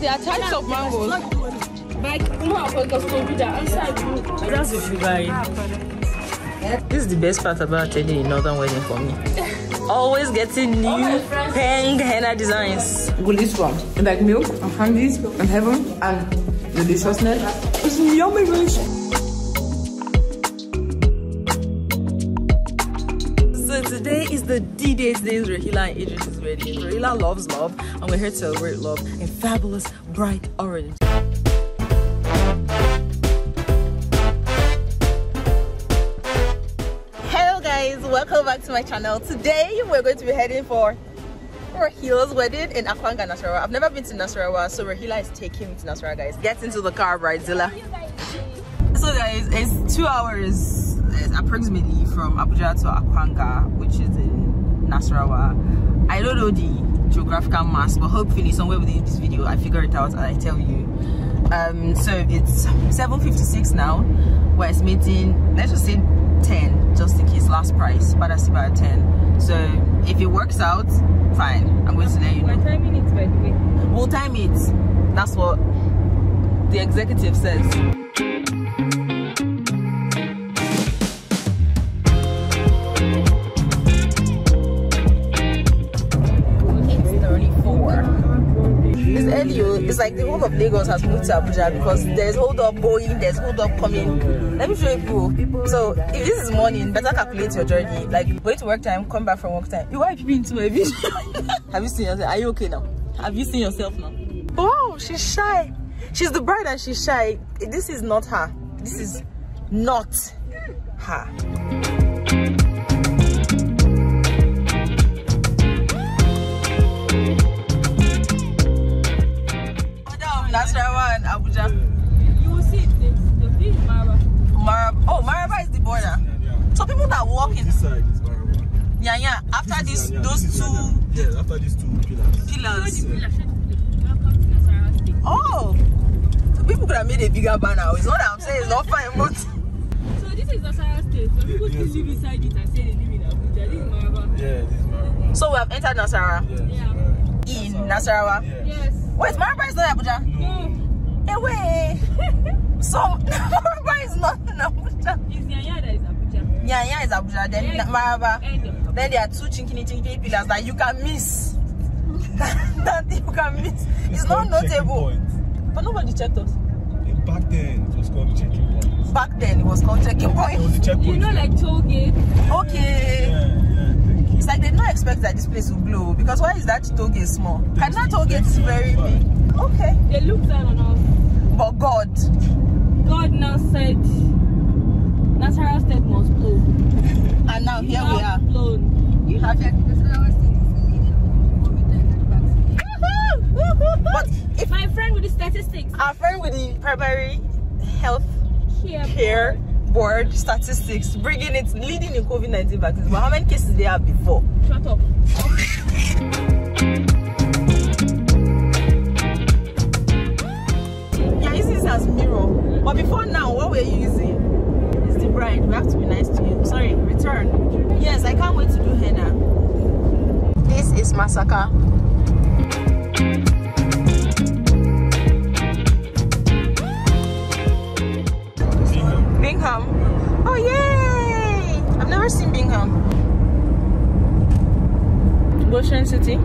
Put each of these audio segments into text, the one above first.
there are types of mangoes. Ah, this is the best part about attending a northern wedding for me. Always getting new peng henna designs. Well, this one, like milk and candies and heaven and deliciousness. It's yummy, delicious. today is the D-Day. Today is Rahila and Adrian is ready. Rahila loves love and we're here to celebrate love in fabulous bright orange. Hello guys, welcome back to my channel. Today we're going to be heading for Rahila's wedding in Akwanga, Nasarawa. I've never been to Nasarawa, so Rahila is taking me to Nasarawa guys. Get into the car, Bridezilla. So guys, it's two hours is approximately from Abuja to Akwanga, which is in Nasarawa. I don't know the geographical mass, but hopefully somewhere within this video I figure it out and I tell you. Um, so it's 7.56 now, we're estimating, let's just say 10, just in case last price, but that's about 10. So if it works out, fine, I'm going to let you know. We're timing it by the way. We'll time it, that's what the executive says. tell you, it's like the whole of Lagos has moved to Abuja because there's hold up going, there's hold up coming. Let me show you So if this is morning, better calculate your journey. Like wait to work time, come back from work time. You wipe me into my vision. Have you seen yourself? Are you okay now? Have you seen yourself now? Oh, she's shy. She's the bride and she's shy. This is not her. This is not her. That's the one, Abuja. You will see the, the big Maraba. Marab oh, Maraba is the border. So people that walk in. This side is Maraba. Yeah, yeah. After this, those two. Yeah, after these two pillars. Pillars. Oh. So people could have made a bigger banner. It's not that I'm saying it's not fine, but. So this is Nasara State. So people still live inside it and say they live in Abuja. This is Maraba. Yeah, this is Maraba. So we have entered Nasara. Yeah. In Nasarawa. Yes. Where's my bracelet at, y'all? Mm. It so, my bracelet not Abuja. It's Yaya that is Abuja. Yanyada is Abuja. Then, yeah. Maraba, then there are two chinkini chinkini pillars that you can miss. that you can miss. It's, it's not notable. But nobody checked us. Back then, it was called checking point. Back then, it was called checking point. It was a checkpoint. You know, like toll gate. Okay. Yeah. It's like they did not expect that this place will blow because why is that doggy small? Can that toll is very big. Okay. They looked down on us. But God. God now said natural state must blow. And now here we are. Blown. You have it. But if my friend with the statistics, our friend with the primary health care, care board statistics bringing it leading in COVID-19 vaccines. But how many cases they have before? Shut up. yeah, you see this as mirror. But before now, what were you using? It's the bride. We have to be nice to you. Sorry, return. Yes, I can't wait to do henna. This is Masaka. Bingham. Oh, yay! I've never seen Bingham. Goshen City.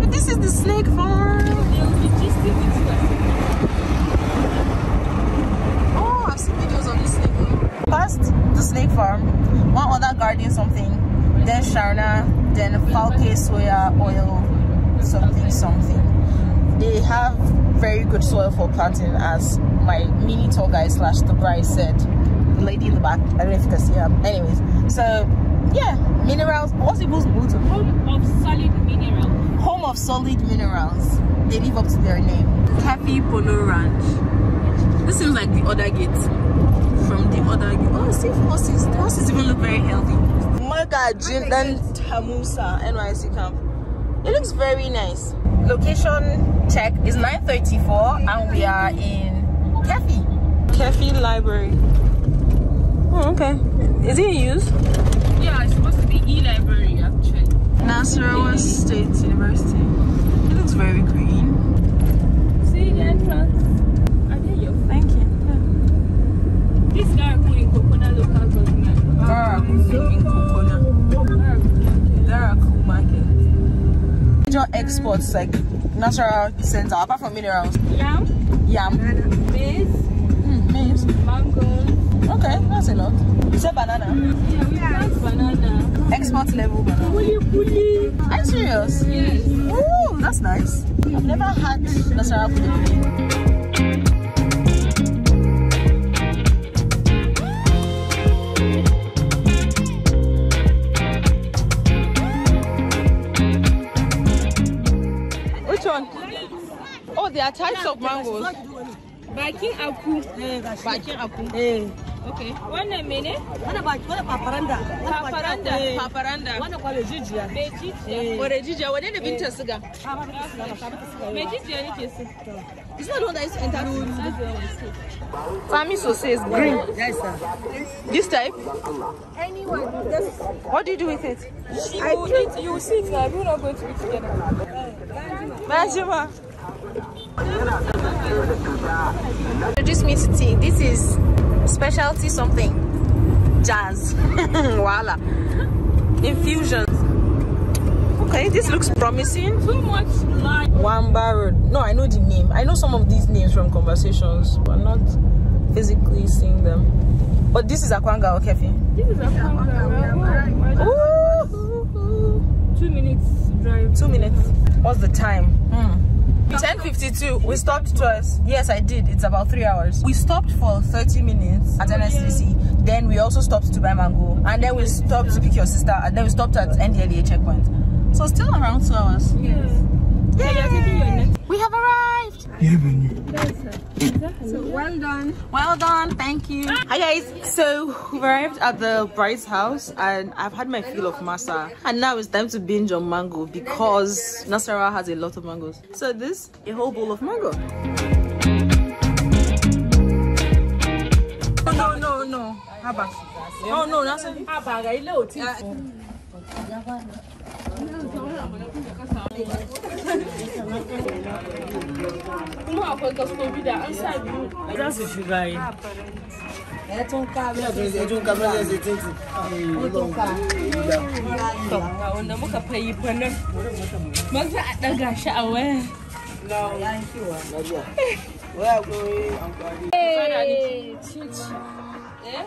But this is the snake farm. Oh, I've seen videos this snake. Past the snake farm, one other garden something, then Sharna, then Falke soya oil, something, something. They have very good soil for planting as my mini tour guide slash the bride said lady in the back. I don't know if you can see her. Anyways, so yeah, minerals. What's it called? Home of solid minerals. Home of solid minerals. They live up to their name. Happy Polo Ranch. This seems like the other gate from the other gate. Oh, see horses. The horses even look very healthy. Monica Jin and Hamusa NYC camp. It looks very nice. Location check is 9:34, and we are in Kefi. Kefi Library. Oh, okay. Is it used? Yeah, it's supposed to be e-library actually. Nasarawa State University. It looks very green. See the entrance. Are they your Thank you. Yeah. This guy is in Kokona local government. Daraku in Kokona. Daraku market. Major exports like natural center apart from minerals. Yam. Yam. Maize. Okay, that's a lot. Is that banana? Yeah, we yeah. banana. Export level banana. Bully, bully. Are you serious? Yes. Ooh, that's nice. I've never had nasara bully. Oh, there are types of mangoes. Baking aku. Baking aku. Okay. Wana mene? Wana ba wana ba paranda. Ba paranda. Ba paranda. Wana kwa lejiji ya. Lejiji. Kwa lejiji ya wana ne binta siga. Ha ba binta siga. Lejiji ya ni kesi. Is not one that is enter room. Fami so says green. Yes sir. This type. Anyone. This. What do you do with it? I eat. You sing. We are not going to be together. Majima. Majima. introduced me to tea. This is specialty something. Jazz. Voila. Infusions. Okay, this looks promising. Too much light. Wamba Road. No, I know the name. I know some of these names from conversations, but not physically seeing them. But this is Akwanga or Kefi? This is Akwanga. Ooh. Two minutes drive. Two minutes. What's the time? Hmm. 10.52, we stopped twice. Yes, I did. It's about three hours. We stopped for 30 minutes at oh, NSCC. Then we also stopped to buy mango. And then we stopped to pick your sister. And then we stopped at NDLA checkpoint. So still around two hours. Yes. We have arrived. so well done. Well done. Thank you. Hi guys. So we arrived at the bride's house and I've had my fill of masa and now it's time to binge on mango because Nasara has a lot of mangoes. So this a whole bowl of mango. Oh, no no no. Haba. Oh no, that's it. Haba, I kuma akwai kaskobi da an sa biyu za su shiga ah, yi wanda muka fayi fannin maza a ɗaga shi a waya eh,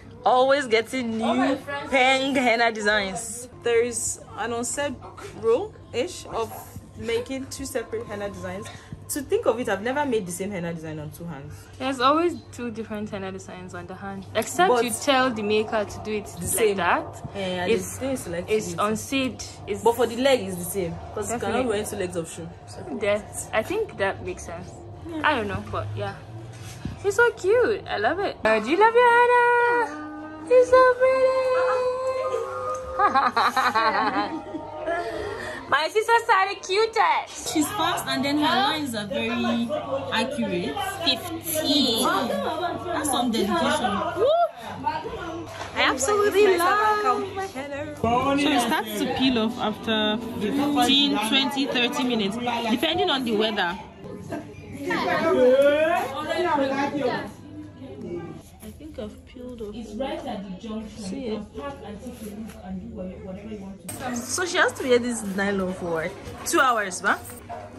always getting new peng henna designs. There is an unsaid rule-ish of making two separate henna designs. To think of it, I've never made the same henna design on two hands. There's always two different henna designs on the hand. Except but you tell the maker to do it the like same. that. Yeah, it's, on set. it's but for the leg, it's the same. Because you cannot wear two legs of shoe. That, I think that makes sense. Yeah. I don't know, but yeah. It's so cute. I love it. do you love your henna? She's so pretty. My sister very cutest. She's fast and then her lines are very accurate. 15. That's some dedication. I absolutely love So it starts to peel off after 15, 20, 30 minutes, depending on the weather. It's right at the junction. See you can and take a look and whatever you want to do. So she has to wear this nylon for Two hours, right?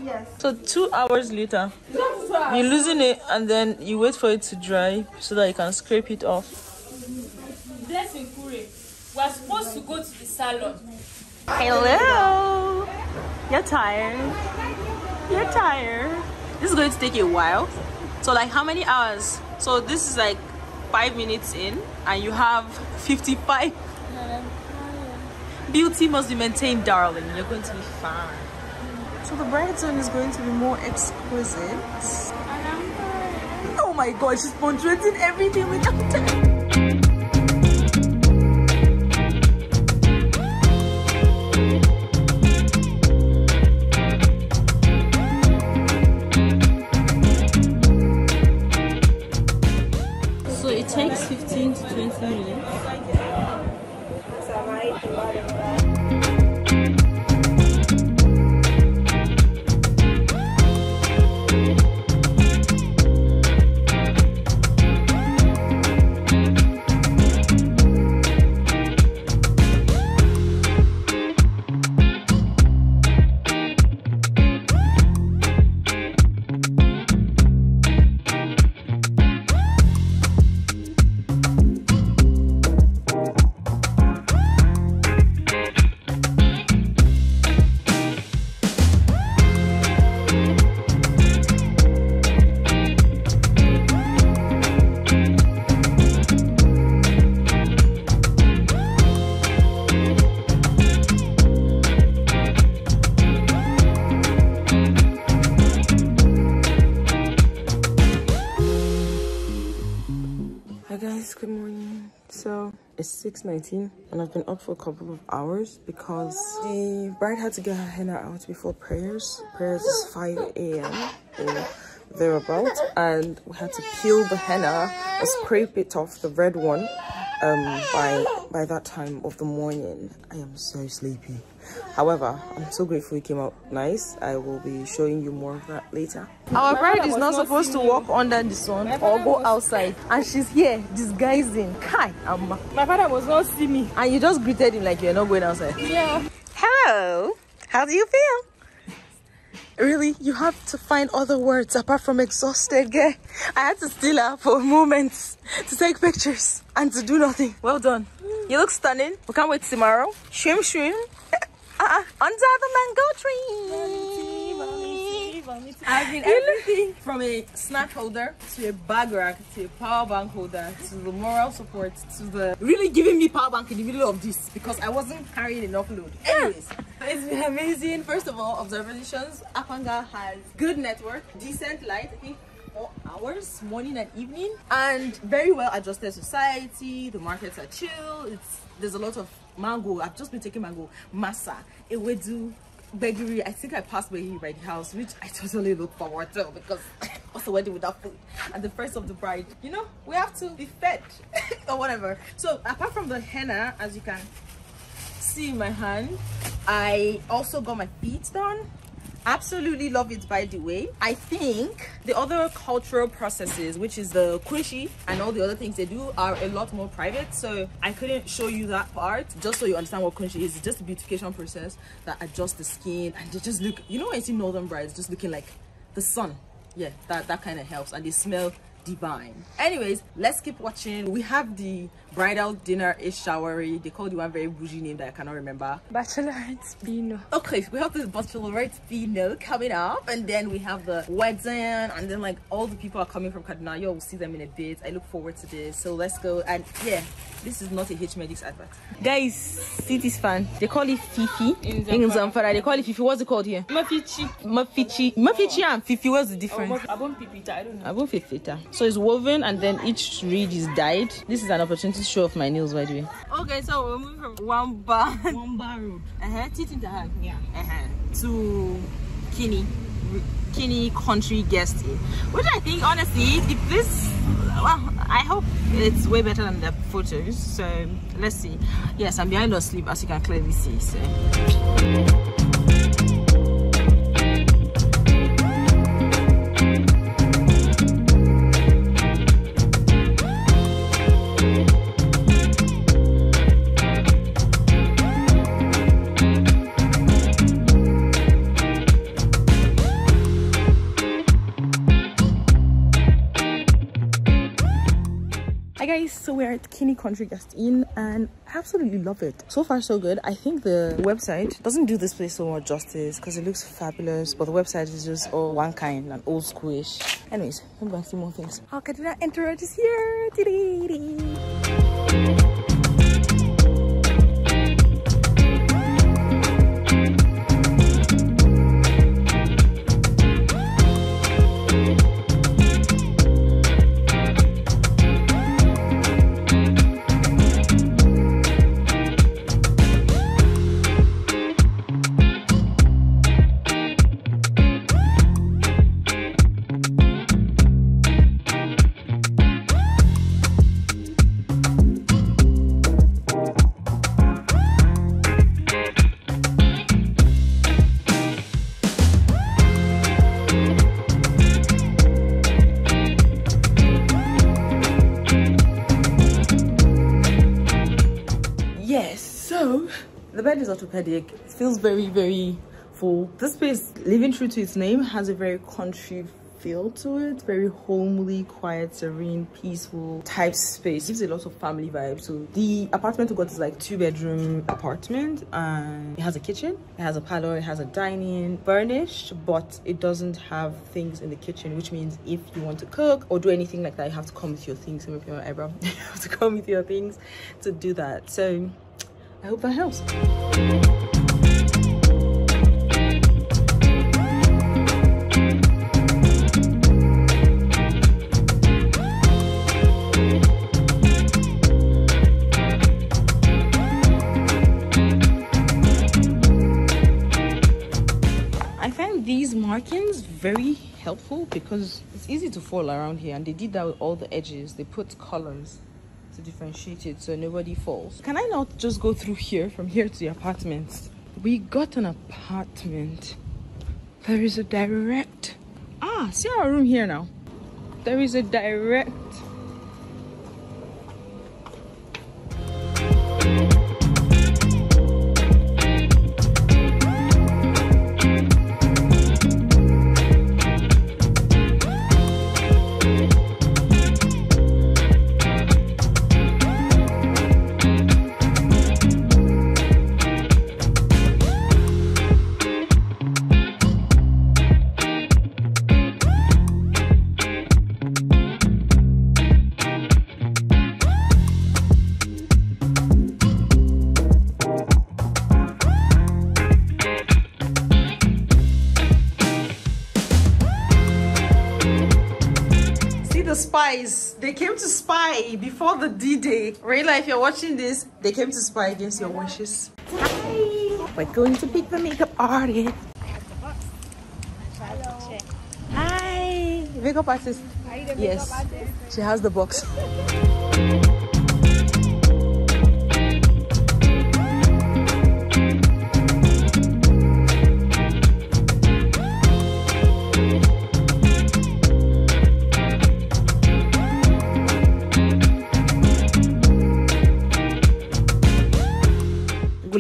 Yes. So two hours later, you're losing it and then you wait for it to dry so that you can scrape it off. Bless We're supposed to go to the salon. Hello. You're tired. You're tired. This is going to take a while. So like how many hours? So this is like five minutes in and you have 55 beauty must be maintained darling you're going to be fine so the bright zone is going to be more exquisite oh my god she's punctuating everything without Assalamualaikum warahmatullahi wabarakatuh. 6.19 and I've been up for a couple of hours because the bride had to get her henna out before prayers. Prayers is 5 a.m. or thereabout and we had to peel the henna or scrape it off, the red one, um, by, by that time of the morning. I am so sleepy. However, I'm so grateful it came out nice. I will be showing you more of that later. Our bride is not supposed to walk under the sun or go outside. And she's here disguising. Kai, Amma. My father was not see me. And you just greeted him like you're not going outside. Yeah. Hello. How do you feel? really you have to find other words apart from exhausted girl i had to steal her for moments to take pictures and to do nothing well done you look stunning we can't wait tomorrow shrimp shrimp uh, under the mango tree. I've been everything from a snack holder to a bag rack to a power bank holder to the moral support to the really giving me power bank in the middle of this because I wasn't carrying enough load. Anyways, it's been amazing. First of all, observations. Apanga has good network, decent light. I think four hours morning and evening and very well adjusted society the markets are chill it's there's a lot of mango i've just been taking mango masa ewedu beggary i think i passed by here by the house which i totally look forward to because what's wedding without food and the first of the bride you know we have to be fed or whatever so apart from the henna as you can see in my hand i also got my feet done absolutely love it by the way i think the other cultural processes which is the kunshi and all the other things they do are a lot more private so i couldn't show you that part just so you understand what kunshi is it's just a beautification process that adjusts the skin and they just look you know when you see northern brides just looking like the sun yeah that that kind of helps and they smell divine anyways let's keep watching we have the bridal dinner is showery. They called you one very bougie name that I cannot remember. Bachelorette Bino. Okay, so we have this Bachelorette Bino coming up, and then we have the wedding, and then like all the people are coming from Kaduna. You'll see them in a bit. I look forward to this. So let's go. And yeah, this is not a H Medics advert. Guys, see this fan. They call it Fifi in Zamfara. In Zamfara. They call it Fifi. What's it called here? Mafichi. Mafichi. Mafichi and Fifi. What's the difference? Oh, Abon Pipita. I don't know. Abon Fifita. So it's woven, and then each reed is dyed. This is an opportunity to show off my nails, by the way. Okay, so we're moving from Wamba, Wamba Road, uh-huh, yeah, uh-huh, to Kinney, Kinney Country Guest which I think, honestly, if this, well, I hope it's way better than the photos. So let's see. Yes, I'm behind the sleep, as you can clearly see. So. so we're at Kini Country Guest Inn and I absolutely love it. So far so good. I think the website doesn't do this place so much justice because it looks fabulous but the website is just all one kind and old schoolish. Anyways, I'm going to see more things. Our oh, Kaduna Entourage is here! headache it feels very very full this place living true to its name has a very country feel to it very homely quiet serene peaceful type space gives a lot of family vibe so the apartment we got is like two bedroom apartment and it has a kitchen it has a parlor it has a dining furnished but it doesn't have things in the kitchen which means if you want to cook or do anything like that you have to come with your things you have to come with your things to do that so I hope that helps. I find these markings very helpful because it's easy to fall around here and they did that with all the edges. They put columns to differentiate it so nobody falls. Can I not just go through here, from here to the apartments? We got an apartment. There is a direct... Ah, see our room here now. There is a direct before the D-Day. Rayla, if you're watching this, they came to spy against your wishes. Hi. We're going to pick the makeup artist. Hi. Makeup artist. Yes. Makeup artist? She has the box.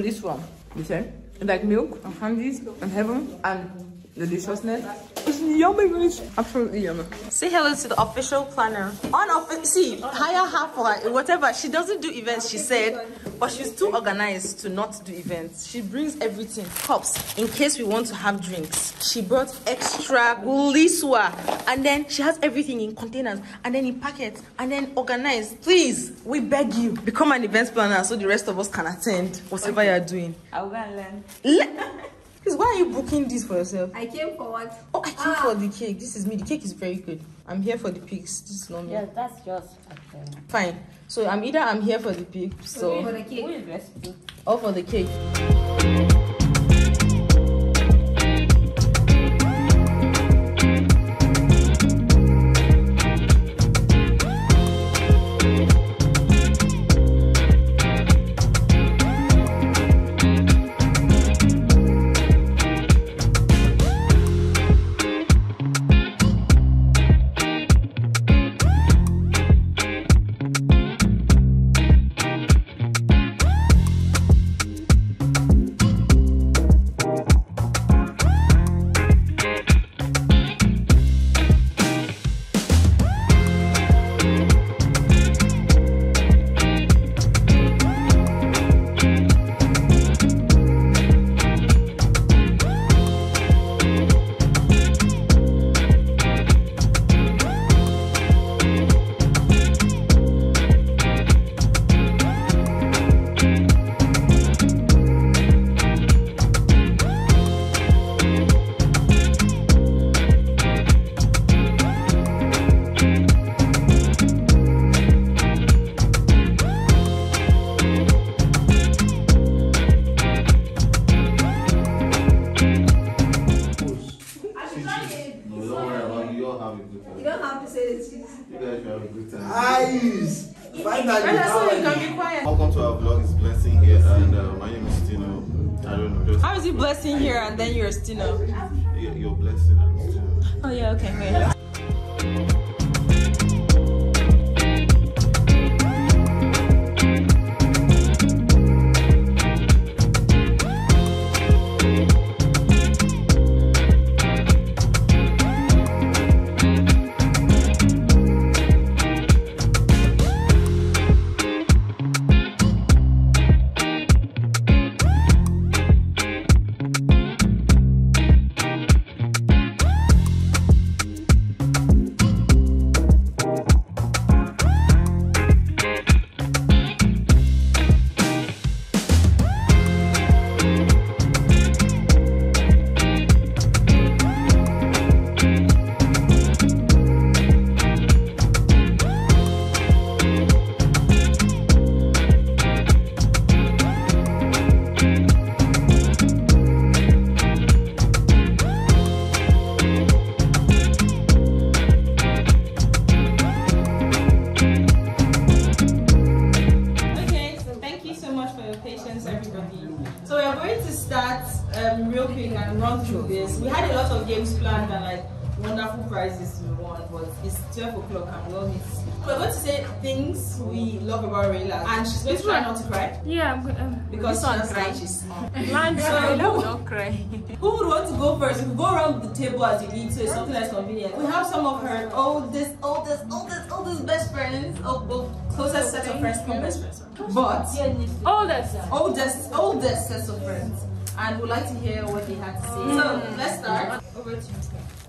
this one. You see? Like milk and candies and heaven and deliciousness yummy, guys. Absolutely yummy. Say hello to the official planner. Unofficial, see, hire her for whatever. She doesn't do events, she said, but she's too organized to not do events. She brings everything, cups, in case we want to have drinks. She brought extra guliswa, and then she has everything in containers, and then in packets, and then organized. Please, we beg you, become an event planner so the rest of us can attend whatever okay. you're doing. I'll go and learn. Le Please, why are you booking this for yourself? I came for what? Oh, I came ah. for the cake. This is me. The cake is very good. I'm here for the pigs. This is not me. Yeah, that's just okay. Fine. So I'm either I'm here for the pigs, so for the cake. or for the cake. How is he blessing here and then you're still? You're blessing. Oh yeah. Okay. Wait. planned and like wonderful prizes we won, but it's 12 o'clock and we all We're going to say things we love about Rayla, and she's going to try not to cry. Yeah, I'm um, because she doesn't cry, she's smart. Man, so I love not cry. Who would want to go first? We we go around the table as you need to, it's something that's convenient. We have some of her oldest, oldest, oldest, oldest best friends, of both closest set of friends, best friends. But oldest, oldest, oldest set of friends and would like to hear what they had to say. Mm. So let's start. Over to you.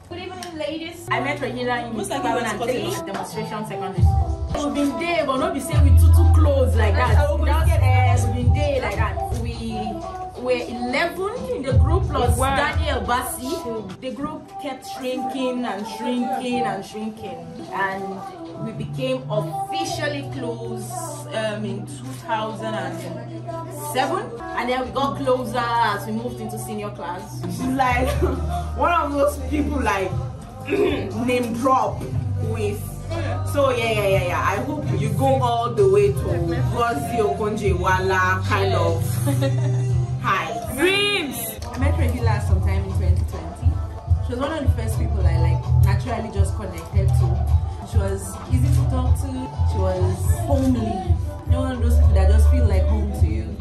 Good evening, ladies. I met Regina in the demonstration secondary school. We've been there, but not be saying we too close like that. that's, uh, we've been there like that. We were 11 in the group plus wow. Daniel Bassi. The group kept shrinking and shrinking and shrinking. And we became officially close um, in 2007 and then we got closer as we moved into senior class she's like one of those people like name drop with so yeah yeah yeah yeah i hope you go all the way to Gozi Wala kind of high dreams i met Regula sometime in 2020 she was one of the first people i like naturally just connected to she was easy to talk to. She was homely. You know, one of those people that just feel like home to you.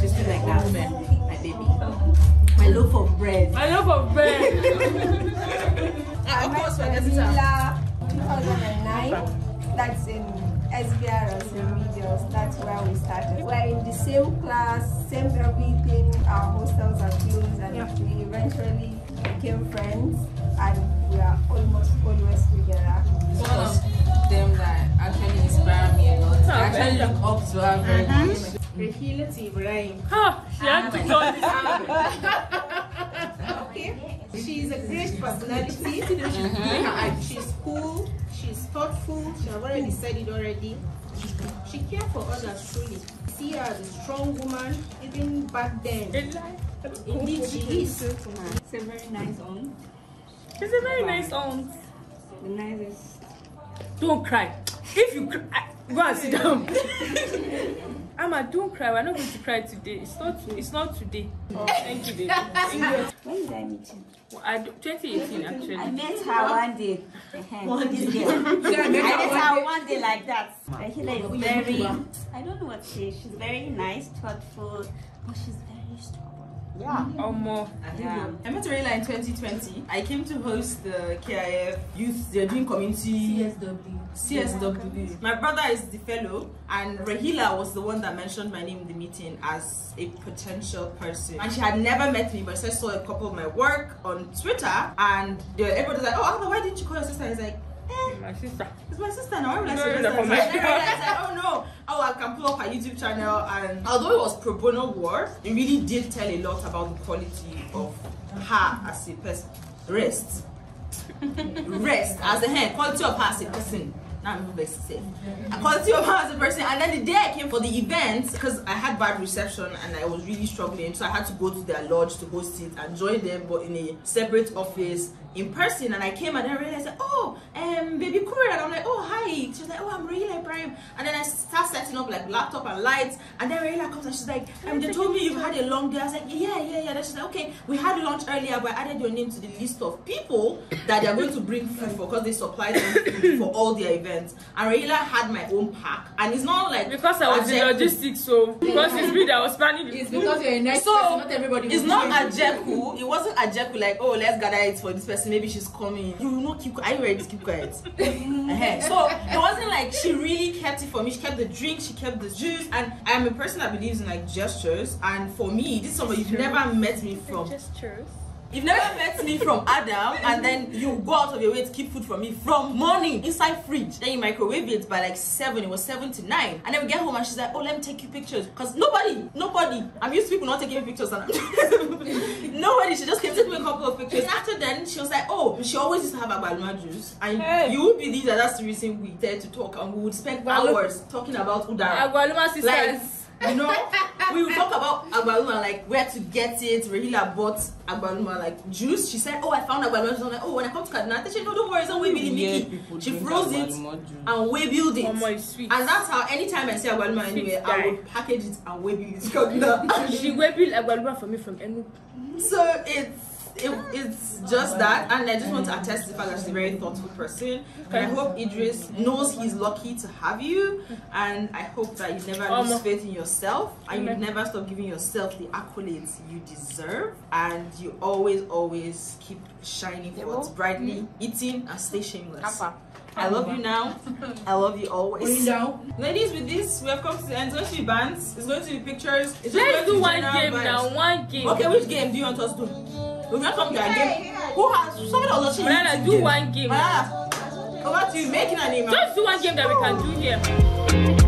She's feel like that. My baby. My loaf of bread. My loaf of bread. Ah, of course, we're getting 2009. That's in SBR as St. Medios. That's where we started. We're in the same class, same everything, our hostels are closed, and yeah. we eventually became friends and we are almost always together. One of them that actually inspired me a lot. I actually look up to her very uh-huh. much. Rahila Ibrahim. Ha! She had to call this okay. She's a great personality. Uh-huh. she's cool. She's thoughtful. She has already mm. said it already. She cared for others truly. See her as a strong woman, even back then. Indeed, she is. It's a very nice aunt. She's a very nice aunt. The nicest. Don't cry. If you cry, go and sit down. Ama, don't cry. We're not going to cry today. It's not. It's not today. Oh. Thank you, baby. when did I meet you? Well, I, 2018, actually. I met her one day. one day. I met her one day like that. Rahila is very. I don't know what she. She's very nice, thoughtful, but oh, she's very yeah. Or oh, more. Yeah. I met Rayla in 2020. I came to host the KIF Youth, they're doing community. CSW. CSW. My brother is the fellow, and Rahila was the one that mentioned my name in the meeting as a potential person. And she had never met me, but she saw a couple of my work on Twitter, and everybody was like, Oh, Alva, why didn't you call your sister? He's like, Eh, my sister. It's my sister now. Why would I suggest that? Like, I don't know. Oh, I can pull up her YouTube channel, and although it was pro bono work, it really did tell a lot about the quality of her as a person. Rest, rest as a hand. Quality of her as a person. Not even safe. A quality of her as a person. And then the day I came for the event, because I had bad reception and I was really struggling, so I had to go to their lodge to host it and join them, but in a separate office in person and I came and I realized oh, um, baby courier. And I'm like, oh, hi. She's like, oh, I'm really Prime. And then I start setting up like laptop and lights. And then Rayla comes and she's like, um, they told me you've had a long day. I was like, yeah, yeah, yeah. Then she's like, okay, we had lunch earlier, but I added your name to the list of people that they're going to bring food for because they supply them for all their events. And Rayla had my own pack. And it's not like. Because I was in logistics, so. Because it's me that was planning It's because you're a nice so, person, not everybody. It's not a Jeku. It wasn't a Jeku like, oh, let's gather it for this person person, maybe she's coming. You will not keep Are you ready to keep quiet? So it wasn't like she really kept it for me. She kept the drink, she kept the juice. And I'm a person that believes in like gestures. And for me, this is somebody you've never met me from. Gestures. you've never met me from Adam and then you go out of your way to keep food for me from morning inside fridge. Then you microwave it by like seven; It was 7 to 9. And then we get home and she's like, oh, let me take you pictures. Because nobody, nobody, I'm used to people not taking pictures. And nobody, she just came to me a couple of pictures. After then, she was like, oh, she always used to have a Agbaluma juice. And hey. you would believe that that's the reason we dare to talk and we would spend hours talking about Udara. Agbaluma sisters. Like, You know, we talk about agbaluma, like where to get it. Rahila bought agbaluma, like juice. She said, "Oh, I found agbaluma." She was like, "Oh, when I come to Kaduna, she said, no, oh, don't worry, it's not weebly Mickey." She froze it and build it, oh, and that's how. Anytime I see agbaluma anywhere, I will package it and build it. she weebled agbaluma for me from any. So it's it, it's just that, and I just want to attest to the fact that she's a very thoughtful person. And I hope Idris knows he's lucky to have you, and I hope that you never um, lose faith in yourself, and you never stop giving yourself the accolades you deserve, and you always, always keep shining forth brightly, mm-hmm. eating, and stay shameless. I love you now. I love you always. We know, Ladies, with this, we have come to the end. It's going to be bands. It's going to be pictures. It's Let's do one game now. One game. Okay, which game do you want us to do? We've come to a game. Who has somebody else? Banana, do game. one game. come on to you. Making an image? Just do one game that we can do here.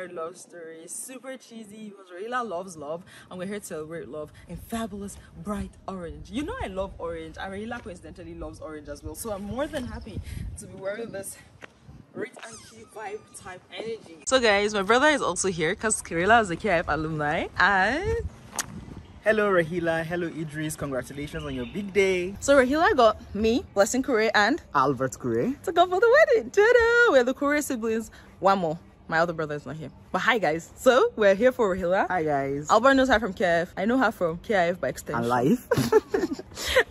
inspired love stories, super cheesy because loves love and we're here to celebrate love in fabulous bright orange. You know I love orange and coincidentally loves orange as well. So I'm more than happy to be wearing this rich and cute vibe type energy. So guys, my brother is also here because Raila is a KF alumni and Hello Rahila, hello Idris, congratulations on your big day. So Rahila got me, Blessing Kure and Albert Kure to go for the wedding. Ta-da! We're the Kure siblings. One more my other brother is not here but hi guys so we're here for rahila hi guys albert knows her from KF. i know her from kif by extension and life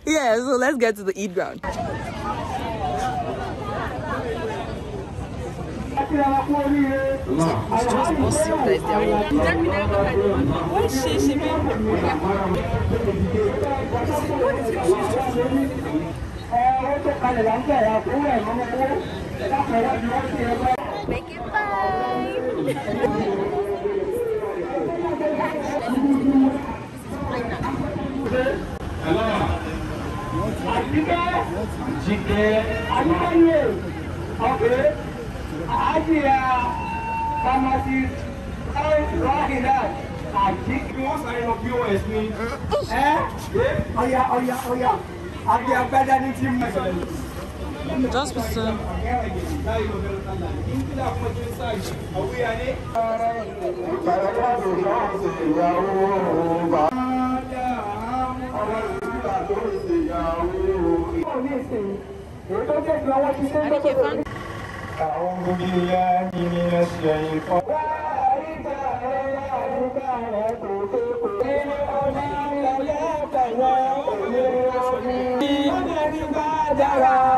yeah so let's get to the eat ground It's just possible that Jike, Anaye, okay, Adia, Pharmacist, Al Rahidat, Ajik. Once I know POS me, eh? Ọya, ọya, ọya, Adia, better than him. Dost musun? أعوذ بالله من الشيطان Dara.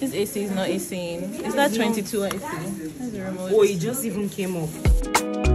This AC is not AC. Is that 22 AC. Oh, it just even came off.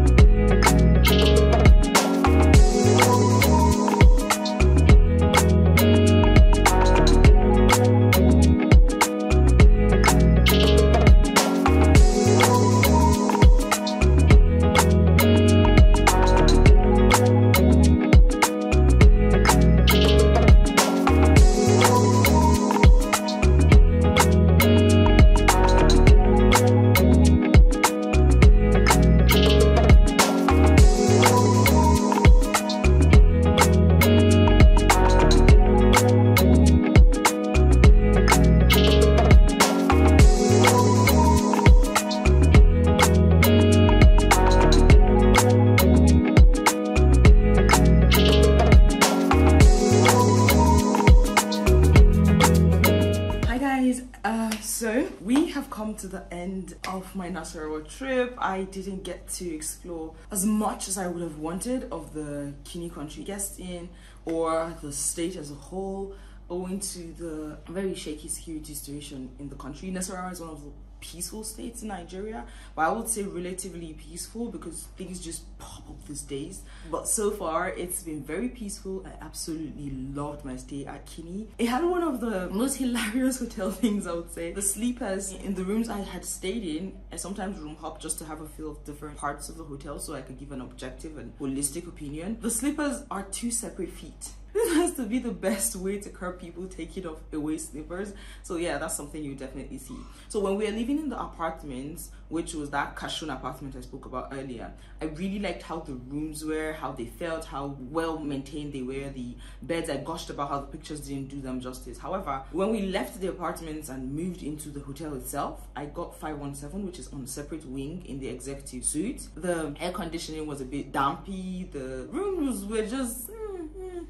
us trip. I didn't get to explore as much as I would have wanted of the Kini country guest in or the state as a whole owing to the very shaky security situation in the country. Nasarawa is one of the peaceful states in Nigeria, but I would say relatively peaceful because things just pop up these days. But so far, it's been very peaceful. I absolutely loved my stay at Kini. It had one of the most hilarious hotel things, I would say. The sleepers in the rooms I had stayed in, I sometimes room hop just to have a feel of different parts of the hotel so I could give an objective and holistic opinion. The sleepers are two separate feet this has to be the best way to curb people taking off away slippers so yeah that's something you definitely see so when we were living in the apartments which was that Kashun apartment I spoke about earlier I really liked how the rooms were how they felt how well maintained they were the beds I gushed about how the pictures didn't do them justice however when we left the apartments and moved into the hotel itself I got 517 which is on a separate wing in the executive suite the air conditioning was a bit dampy the rooms were just mm, mm,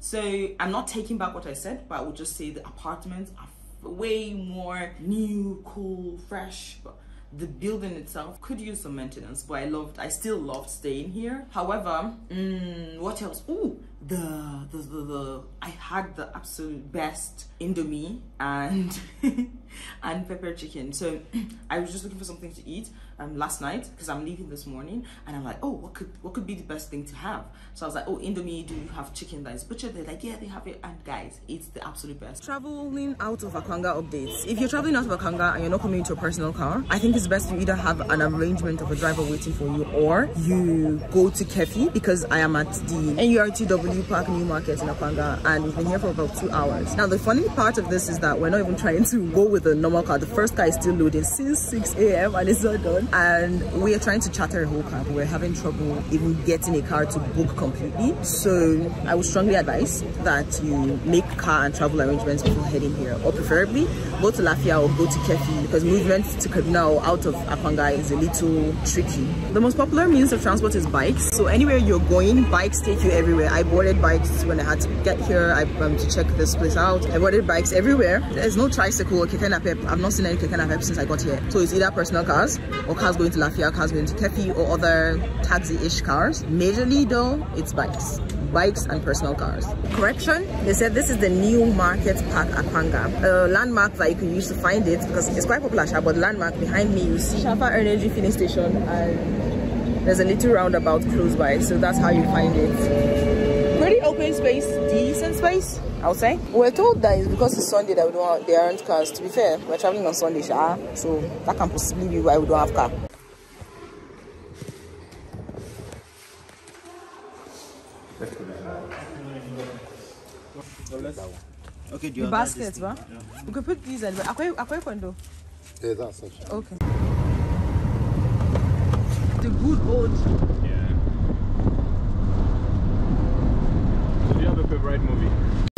so I'm not taking back what I said, but I would just say the apartments are way more new, cool, fresh. But the building itself could use some maintenance, but I loved, I still loved staying here. However, mm, what else? Ooh, the, the, the, the I had the absolute best indomie and and pepper chicken. So I was just looking for something to eat um last night because I'm leaving this morning and I'm like, oh, what could what could be the best thing to have? So I was like, oh, indomie, do you have chicken that is butchered? They're like, yeah, they have it. And guys, it's the absolute best. Traveling out of Akanga updates. If you're traveling out of Akanga and you're not coming into a personal car, I think it's best you either have an arrangement of a driver waiting for you or you go to Kefi because I am at the NURTW Park New Market in Apanga and we've been here for about two hours. Now the funny part of this is that we're not even trying to go with a normal car. The first car is still loading since 6 a.m. and it's not done. And we are trying to charter a whole car, but we're having trouble even getting a car to book completely. So I would strongly advise that you make car and travel arrangements before heading here, or preferably go to Lafia or go to Kefi because movement to Kaduna or out of Apanga is a little tricky. The most popular means of transport is bikes. So anywhere you're going, bikes take you everywhere. I bought boarded bikes when I had to get here. I um, to check this place out. I boarded bikes everywhere. There's no tricycle or keke I've not seen any keke since I got here. So it's either personal cars or cars going to Lafia, cars going to Kefi or other taxi-ish cars. Majorly though, it's bikes bikes and personal cars. Correction, they said this is the new market park at Panga. A landmark that you can use to find it because it's quite popular, but the landmark behind me you see Shafa Energy filling station and there's a little roundabout close by, so that's how you find it pretty open space, decent space, I would say. We're told that it's because it's Sunday that we don't have, there aren't cars. To be fair, we're traveling on Sunday, sha, so that can possibly be why we don't have car. Okay, do you the baskets, right? Yeah. We could put these in. Akwe Kondo? Yeah, that's Okay. The good old favorite movie.